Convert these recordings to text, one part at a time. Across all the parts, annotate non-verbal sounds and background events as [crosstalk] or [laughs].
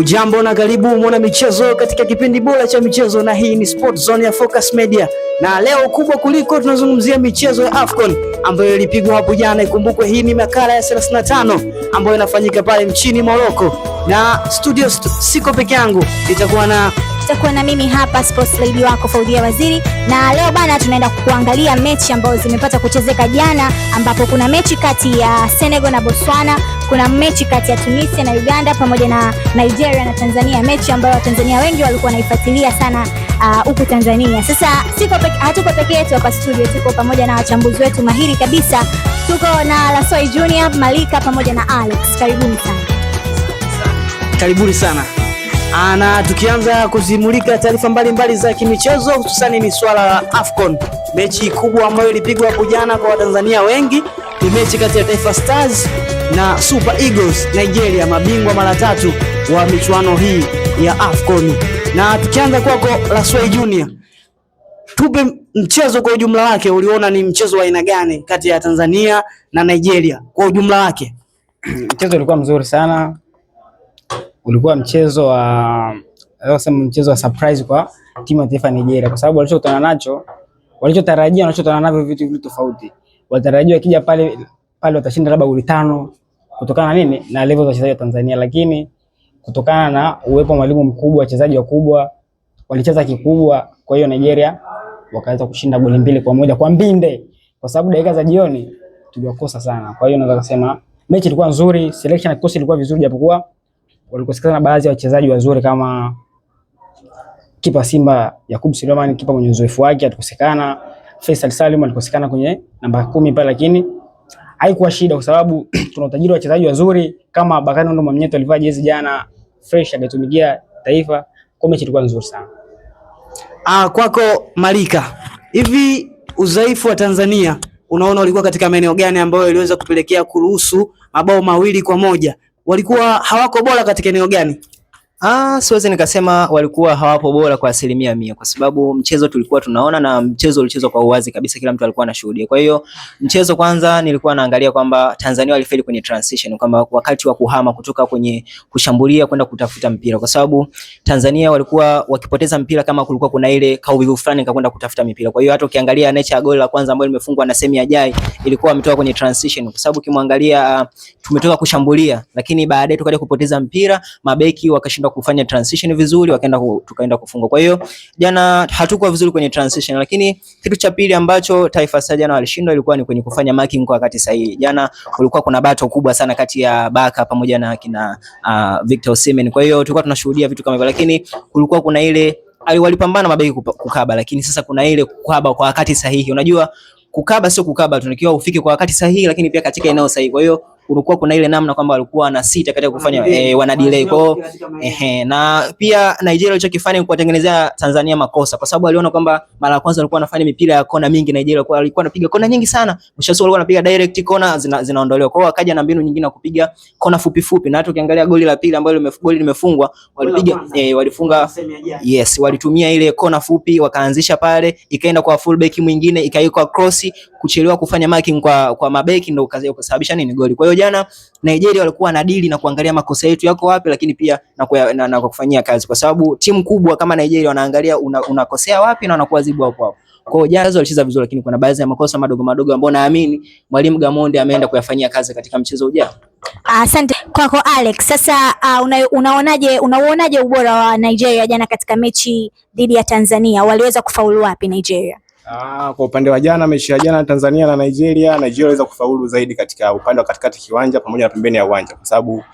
Ujambo na karibu mwana michezo katika kipindi bora cha michezo, na hii ni Sport Zone ya Focus Media, na leo kubwa kuliko tunazungumzia michezo ya Afcon ambayo ilipigwa hapo jana. Ikumbukwe hii ni makala ya 35 ambayo inafanyika pale nchini Morocco, na studio siko peke yangu, itakuwa na utakuwa na mimi hapa sports lady wako Faudia Waziri, na leo bana tunaenda kuangalia mechi ambazo zimepata kuchezeka jana, ambapo kuna mechi kati ya Senegal na Botswana, kuna mechi kati ya Tunisia na Uganda, pamoja na Nigeria na Tanzania, mechi ambayo Watanzania wengi walikuwa wanaifuatilia sana uh, huku uh, Tanzania. Sasa siko peke, hatuko peke yetu hapa studio, tuko pamoja na wachambuzi wetu mahiri kabisa. Tuko na Lasoi Junior, Malika pamoja na Alex. Karibuni sana, karibuni sana ana tukianza kuzimulika taarifa mbalimbali za kimichezo hususani ni swala la Afcon, mechi kubwa ambayo ilipigwa hapo jana kwa Watanzania wengi. Ni mechi kati ya Taifa Stars na Super Eagles Nigeria, mabingwa mara tatu wa michuano hii ya Afcon. Na tukianza kwako Laswai Junior, tupe mchezo kwa ujumla wake, uliona ni mchezo wa aina gani kati ya Tanzania na Nigeria kwa ujumla wake? [clears throat] mchezo ulikuwa mzuri sana ulikuwa mchezo wa sema mchezo wa surprise kwa timu ya taifa ya Nigeria, kwa sababu walichokutana nacho, walichotarajia, wanachokutana navyo vitu vitu tofauti. Walitarajia kija pale pale watashinda labda goli tano kutokana na nini na level za wachezaji wa Tanzania, lakini kutokana na uwepo wa mwalimu mkubwa, wachezaji wakubwa, walicheza kikubwa. Kwa hiyo Nigeria wakaweza kushinda goli mbili kwa moja kwa mbinde, kwa sababu dakika za jioni tuliwakosa sana. Kwa hiyo naweza kusema mechi ilikuwa nzuri, selection ya kikosi ilikuwa vizuri japokuwa walikosekana na baadhi ya wachezaji wazuri kama kipa Simba Yakub Suleiman, kipa mwenye uzoefu wake alikosekana. Faisal Salim alikosekana kwenye namba kumi pale, lakini haikuwa shida kwa sababu [clears throat] tuna utajiri wa wachezaji wazuri kama Bakari Ndo Mamnyeto alivaa jezi jana fresh, ametumikia taifa kwa mechi ilikuwa nzuri sana. Ah, kwako Malika, hivi udhaifu wa Tanzania unaona ulikuwa katika maeneo gani ambayo iliweza kupelekea kuruhusu mabao mawili kwa moja walikuwa hawako bora katika eneo gani? Ah, siwezi nikasema walikuwa hawapo bora kwa asilimia mia kwa sababu mchezo tulikuwa tunaona na mchezo ulichezwa kwa uwazi kabisa, kila mtu alikuwa anashuhudia. Kwa hiyo mchezo kwanza, nilikuwa naangalia kwamba Tanzania walifeli kwenye transition, kwamba wakati wa kuhama kutoka kwenye kushambulia kwenda kutafuta mpira, kwa sababu Tanzania walikuwa wakipoteza mpira kama kulikuwa kuna ile kauvivu fulani ka kwenda kutafuta mpira. Kwa hiyo hata ukiangalia nature ya goli la kwanza ambalo limefungwa na Semi Ajai, ilikuwa ametoka kwenye transition, kwa sababu kimwangalia, ah, tumetoka kushambulia, lakini baadaye tukaja kupoteza mpira, mabeki wakashinda wakaepuka kufanya transition vizuri, wakaenda tukaenda kufunga. Kwa hiyo jana hatukuwa vizuri kwenye transition, lakini kitu cha pili ambacho Taifa Stars jana walishindwa ilikuwa ni kwenye kufanya marking kwa wakati sahihi. Jana kulikuwa kuna battle kubwa sana kati ya Baka pamoja na kina uh, Victor Osimhen. Kwa hiyo tulikuwa tunashuhudia vitu kama hivyo, lakini kulikuwa kuna ile walipambana mabeki kukaba, lakini sasa kuna ile kukaba kwa wakati sahihi. Unajua kukaba sio kukaba, tunakiwa ufike kwa wakati sahihi, lakini pia katika eneo sahihi. Kwa hiyo kulikuwa kuna ile namna kwamba walikuwa na sita katika kufanya eh, wana delay kwa ehe, na pia Nigeria alichokifanya kuwatengenezea Tanzania makosa, kwa sababu aliona kwamba mara ya kwanza walikuwa wanafanya mipira ya kona mingi. Nigeria kwa alikuwa anapiga kona nyingi sana, mwisho walikuwa wanapiga direct kona zina, zinaondolewa hiyo akaja na mbinu nyingine ya kupiga kona fupi fupi, na hata ukiangalia goli la pili ambalo limefungwa goli limefungwa walipiga eh, walifunga yes, walitumia ile kona fupi wakaanzisha pale, ikaenda kwa fullback mwingine, ikaikwa cross, kuchelewa kufanya marking kwa kwa mabeki ndio kusababisha nini goli. Kwa hiyo jana Nigeria walikuwa deal na kuangalia makosa yetu yako wapi, lakini pia na, kwa, na, na kufanyia kazi, kwa sababu timu kubwa kama Nigeria wanaangalia unakosea una wapi na wanakuadhibu hapo hapo. Kwa hiyo jana walicheza vizuri, lakini kuna baadhi ya makosa madogo madogo ambayo naamini mwalimu Gamonde ameenda kuyafanyia kazi katika mchezo ujao. Asante uh, kwako Alex. Sasa uh, una, unaonaje unauonaje ubora wa Nigeria jana katika mechi dhidi ya Tanzania, waliweza kufaulu wapi Nigeria? Ah, kwa upande wa jana, mechi ya jana Tanzania na Nigeria, Nigeria waliweza kufaulu zaidi katika upande wa katikati kiwanja pamoja na pembeni ya uwanja, kwa sababu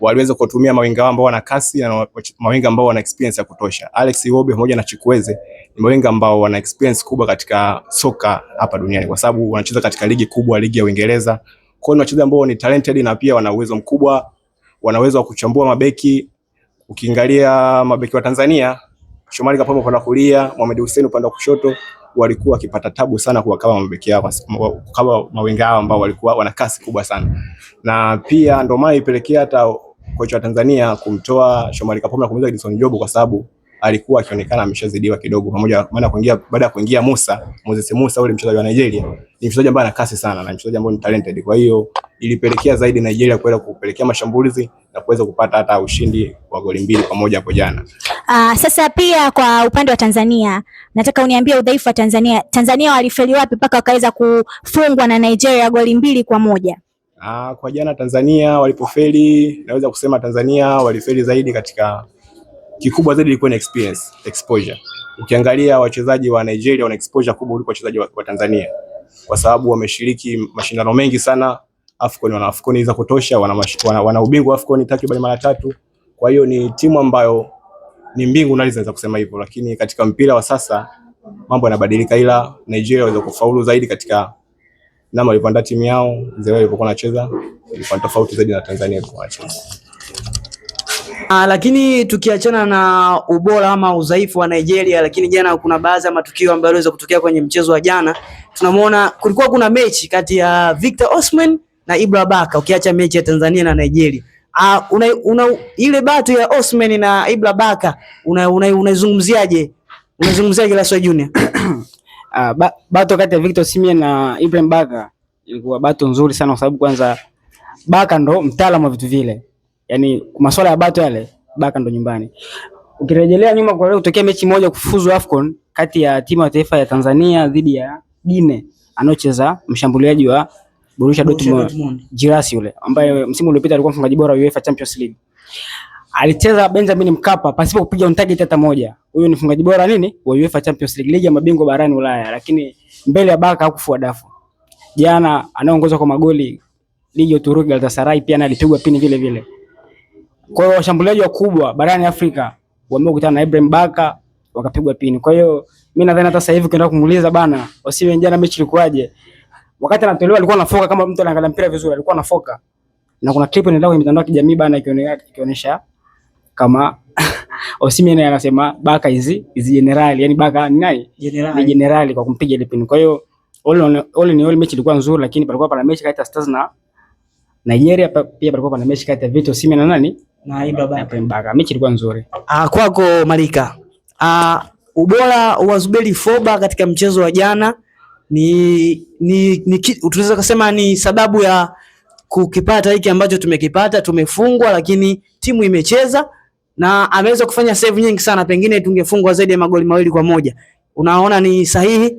waliweza kutumia mawinga wao ambao wana kasi na mawinga ambao wana experience ya kutosha. Alex Iwobi pamoja na Chikweze ni mawinga ambao wana experience kubwa katika soka hapa duniani, kwa sababu wanacheza katika ligi kubwa, ligi ya Uingereza. Kwa hiyo ni wachezaji ambao ni talented na pia wana uwezo mkubwa, wana uwezo wa kuchambua mabeki. Ukiangalia mabeki wa Tanzania Shomari Kapombe upande wa kulia, Mohamed Hussein upande wa kushoto walikuwa wakipata tabu sana kwa kama mabeki yao kama mawinga hao ambao walikuwa wana kasi kubwa sana, na pia ndio maana ipelekea hata kocha wa Tanzania kumtoa Shomari Kapombe na kumuingiza Edison Jobu kwa sababu alikuwa akionekana ameshazidiwa kidogo, pamoja maana kuingia baada ya kuingia Musa Moses Musa, ule mchezaji wa Nigeria, ni mchezaji ambaye ana kasi sana na mchezaji ambaye ni talented, kwa hiyo ilipelekea zaidi Nigeria kuweza kupelekea mashambulizi na kuweza kupata hata ushindi wa goli mbili kwa moja hapo jana. Ah, sasa pia kwa upande wa Tanzania, nataka uniambie udhaifu wa Tanzania. Tanzania walifeli wapi mpaka wakaweza kufungwa na Nigeria goli mbili kwa moja? Ah, kwa jana Tanzania walipofeli, naweza kusema Tanzania walifeli zaidi katika kikubwa zaidi ilikuwa ni experience, exposure. Ukiangalia wachezaji wa Nigeria wana exposure kubwa kuliko wachezaji wa, wa Tanzania kwa sababu wameshiriki mashindano mengi sana Afcon, wana Afcon za kutosha, wana, wana, wana ubingwa Afcon takriban mara tatu. Kwa hiyo ni timu ambayo ni mbingu nali zinaweza kusema hivyo, lakini katika mpira wa sasa mambo yanabadilika, ila Nigeria waweza kufaulu zaidi katika namna walivyoandaa timu yao, zile walivyokuwa wanacheza ilikuwa tofauti zaidi na Tanzania ilikuwa inacheza. Ah, lakini tukiachana na ubora ama udhaifu wa Nigeria, lakini jana kuna baadhi ya matukio ambayo yaliweza kutokea kwenye mchezo wa jana. Tunamuona kulikuwa kuna mechi kati ya Victor Osimhen na Ibra Baka, ukiacha mechi ya Tanzania na Nigeria. Uh, una, una, ile batu ya Osman na Ibra Baka unaizungumziaje? una, una unaizungumziaje Laswa Junior? Uh, [coughs] ba, bato kati ya Victor Simia na Ibrahim Baka ilikuwa batu nzuri sana, kwa sababu kwanza Baka ndo mtaalamu wa vitu vile, yaani masuala ya batu yale Baka ndo nyumbani. Ukirejelea nyuma kwa leo, kutokea mechi moja kufuzu AFCON kati ya timu ya taifa ya Tanzania dhidi ya Guinea, anaocheza mshambuliaji wa Borussia Dortmund, Girassi yule ambaye msimu uliopita alikuwa mfungaji bora wa UEFA Champions League. Alicheza Benjamin Mkapa pasipo kupiga on target hata moja. Huyo ni mfungaji bora nini wa UEFA Champions League, ligi ya mabingwa barani Ulaya, lakini mbele ya baka hakufua dafu. Jana anaongoza kwa magoli ligi ya Uturuki Galatasaray, pia na alipigwa pini vile vile. Kwa hiyo washambuliaji wakubwa barani Afrika wamekutana na Ibrahim Baka wakapigwa pini. Kwa hiyo mimi nadhani hata sasa hivi ukienda kumuuliza bana, wasiwe jana mechi ilikuwaje? wakati anatolewa alikuwa anafoka kama mtu anaangalia mpira vizuri, alikuwa anafoka. Na kuna clip inaendelea kwenye mitandao ya kijamii bana, ikionyesha kama [laughs] Osimhen anasema Baka hizi hizi general, yani Baka ni nani? General. Ni general kwa kumpiga ile pin. Kwa hiyo all all ni all, mechi ilikuwa nzuri, lakini palikuwa pana mechi kati ya Stars na Nigeria, pia palikuwa pana mechi kati ya Vito Osimhen na nani? Na Ibra Baka. Baka. Mechi ilikuwa nzuri. Ah, kwako Malika. Ah, ubora wa Zubeli Foba katika mchezo wa jana ni, ni, ni tunaweza kusema ni sababu ya kukipata hiki ambacho tumekipata. Tumefungwa lakini timu imecheza na ameweza kufanya save nyingi sana, pengine tungefungwa zaidi ya magoli mawili kwa moja. Unaona ni sahihi?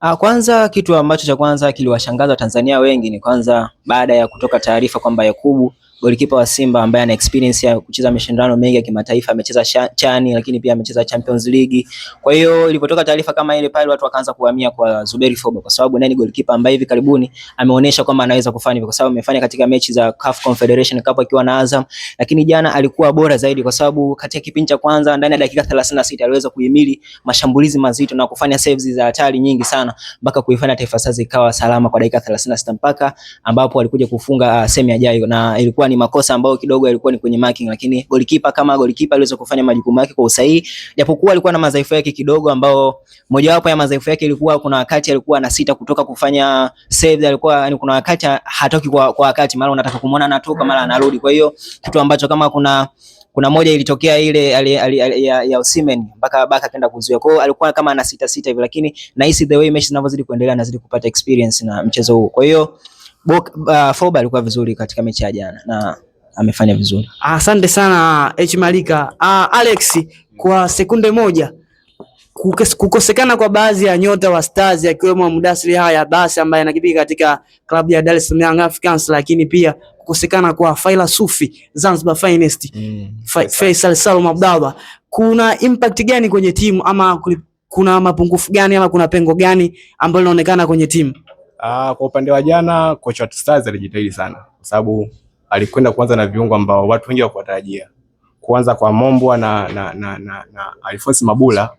Ah, kwanza, kitu ambacho cha kwanza kiliwashangaza tanzania wengi ni kwanza baada ya kutoka taarifa kwamba Yakubu Golikipa wa Simba ambaye ana experience ya kucheza mashindano mengi ya kimataifa, amecheza chani lakini pia amecheza Champions League. Kwa hiyo ilipotoka taarifa kama ile pale, watu wakaanza kuhamia kwa Zuberi Foba kwa sababu ndiye golikipa ambaye hivi karibuni ameonyesha kwamba anaweza kufanya hivyo, kwa sababu amefanya katika mechi za CAF Confederation Cup akiwa na Azam, lakini jana alikuwa bora zaidi kwa sababu katika kipindi cha kwanza ndani ya dakika 36 aliweza kuhimili mashambulizi mazito na kufanya saves za hatari nyingi sana mpaka kuifanya Taifa Stars ikawa salama kwa dakika 36 mpaka ambapo alikuja kufunga uh, semi ajayo na ilikuwa ni makosa ambayo kidogo yalikuwa ni kwenye marking, lakini golikipa kama golikipa aliweza kufanya majukumu yake kwa usahihi, japokuwa alikuwa na madhaifu yake kidogo, ambao mojawapo ya madhaifu yake ilikuwa kuna wakati alikuwa anasita kutoka kufanya save, alikuwa yani, kuna wakati hatoki kwa, kwa wakati, mara unataka kumuona anatoka, mara anarudi. Kwa hiyo kitu ambacho kama kuna kuna moja ilitokea ile ali, ali, ali, ya, ya Osimhen mpaka baka kaenda kuzuia. Kwa hiyo alikuwa kama ana sita sita hivi, lakini nahisi the way mechi zinavyozidi kuendelea anazidi kupata experience na mchezo huu. Kwa hiyo Uh, Foba alikuwa vizuri katika mechi ya jana na amefanya vizuri. Asante sana H Malika. Ah, Alex kwa sekunde moja kukosekana kwa baadhi ya nyota wa Stars akiwemo Mudasri haya basi ambaye anakipiga katika klabu ya Dar es Salaam Young Africans, lakini pia kukosekana kwa Faila Sufi Zanzibar Finest, mm, Fa Faisal Salum Abdalla, kuna impact gani kwenye timu ama kuna mapungufu gani ama kuna pengo gani ambalo linaonekana kwenye timu? Uh, kwa upande wa jana coach wa Stars alijitahidi sana kwa sababu alikwenda kuanza na viungo ambao watu wengi hawakutarajia. Kuanza kwa Mombwa na, na, na, na, na Alphonce Mabula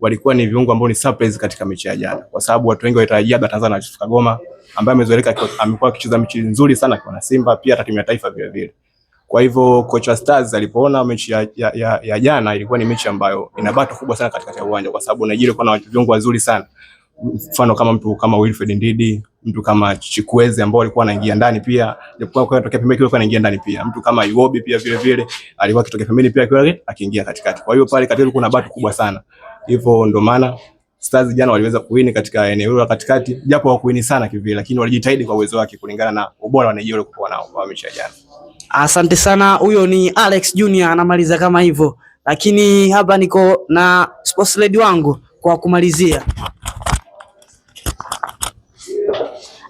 walikuwa ni viungo ambao ni surprise katika mechi ya jana kwa sababu watu wengi walitarajia ataanza na Yusuf Kagoma ambaye amezoeleka amekuwa akicheza mechi nzuri sana kwa na Simba pia hata timu ya taifa vile vile. Kwa hivyo coach wa Stars alipoona mechi ya, ya, ya, ya jana ilikuwa ni mechi ambayo ina bato kubwa sana katika uwanja kwa sababu Nigeria ilikuwa na viungo wazuri sana mfano kama mtu kama Wilfred Ndidi, mtu kama Chikwezi ambao alikuwa anaingia ndani pia, alikuwa akitokea pembeni alikuwa anaingia ndani pia. Mtu kama Iwobi pia vile vile alikuwa akitokea pembeni pia akiwa akiingia katikati. Kwa hiyo pale katikati kuna batu kubwa sana. Hivyo ndio maana Stars jana waliweza kuwini katika eneo hilo la katikati, japo hawakuwini sana kivile, lakini walijitahidi kwa uwezo wake kulingana na ubora wa Nigeria walikuwa nao kwa mechi ya jana. Asante sana. Huyo ni Alex Junior anamaliza kama hivyo, lakini hapa niko na sports lady wangu kwa kumalizia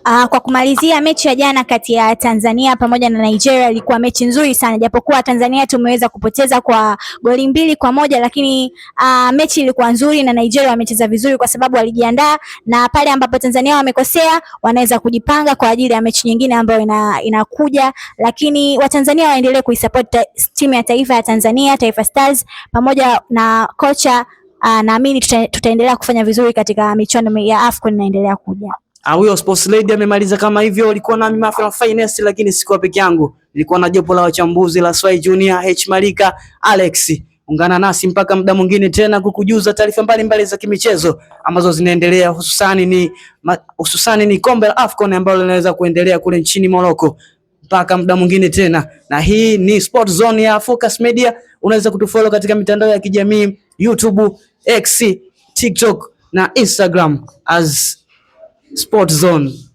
Uh, kwa kumalizia mechi ya jana kati ya Tanzania pamoja na Nigeria ilikuwa mechi nzuri sana, japokuwa Tanzania tumeweza kupoteza kwa goli mbili kwa moja, lakini uh, mechi ilikuwa nzuri na Nigeria wamecheza vizuri kwa sababu walijiandaa, na pale ambapo Tanzania wamekosea wanaweza kujipanga kwa ajili ya mechi nyingine ambayo ina, inakuja. Lakini Watanzania waendelee kuisupport ta, timu ya taifa ya Tanzania, Taifa Stars pamoja na kocha uh, naamini tuta, tutaendelea kufanya vizuri katika michuano ya AFCON inaendelea kuja. Ah, huyo sports lady amemaliza kama hivyo. Alikuwa nami Mafia wa Finance, lakini sikuwa peke yangu, nilikuwa na jopo la wachambuzi la Swai Junior, H Malika, Alex. Ungana nasi mpaka muda mwingine tena kukujuza taarifa mbalimbali za kimichezo ambazo zinaendelea, hususani ni hususani ni kombe la AFCON ambalo linaweza kuendelea kule nchini Morocco. Mpaka muda mwingine tena, na hii ni Sport Zone ya Focus Media. Unaweza kutufollow katika mitandao ya kijamii YouTube, X, TikTok na Instagram as sport zone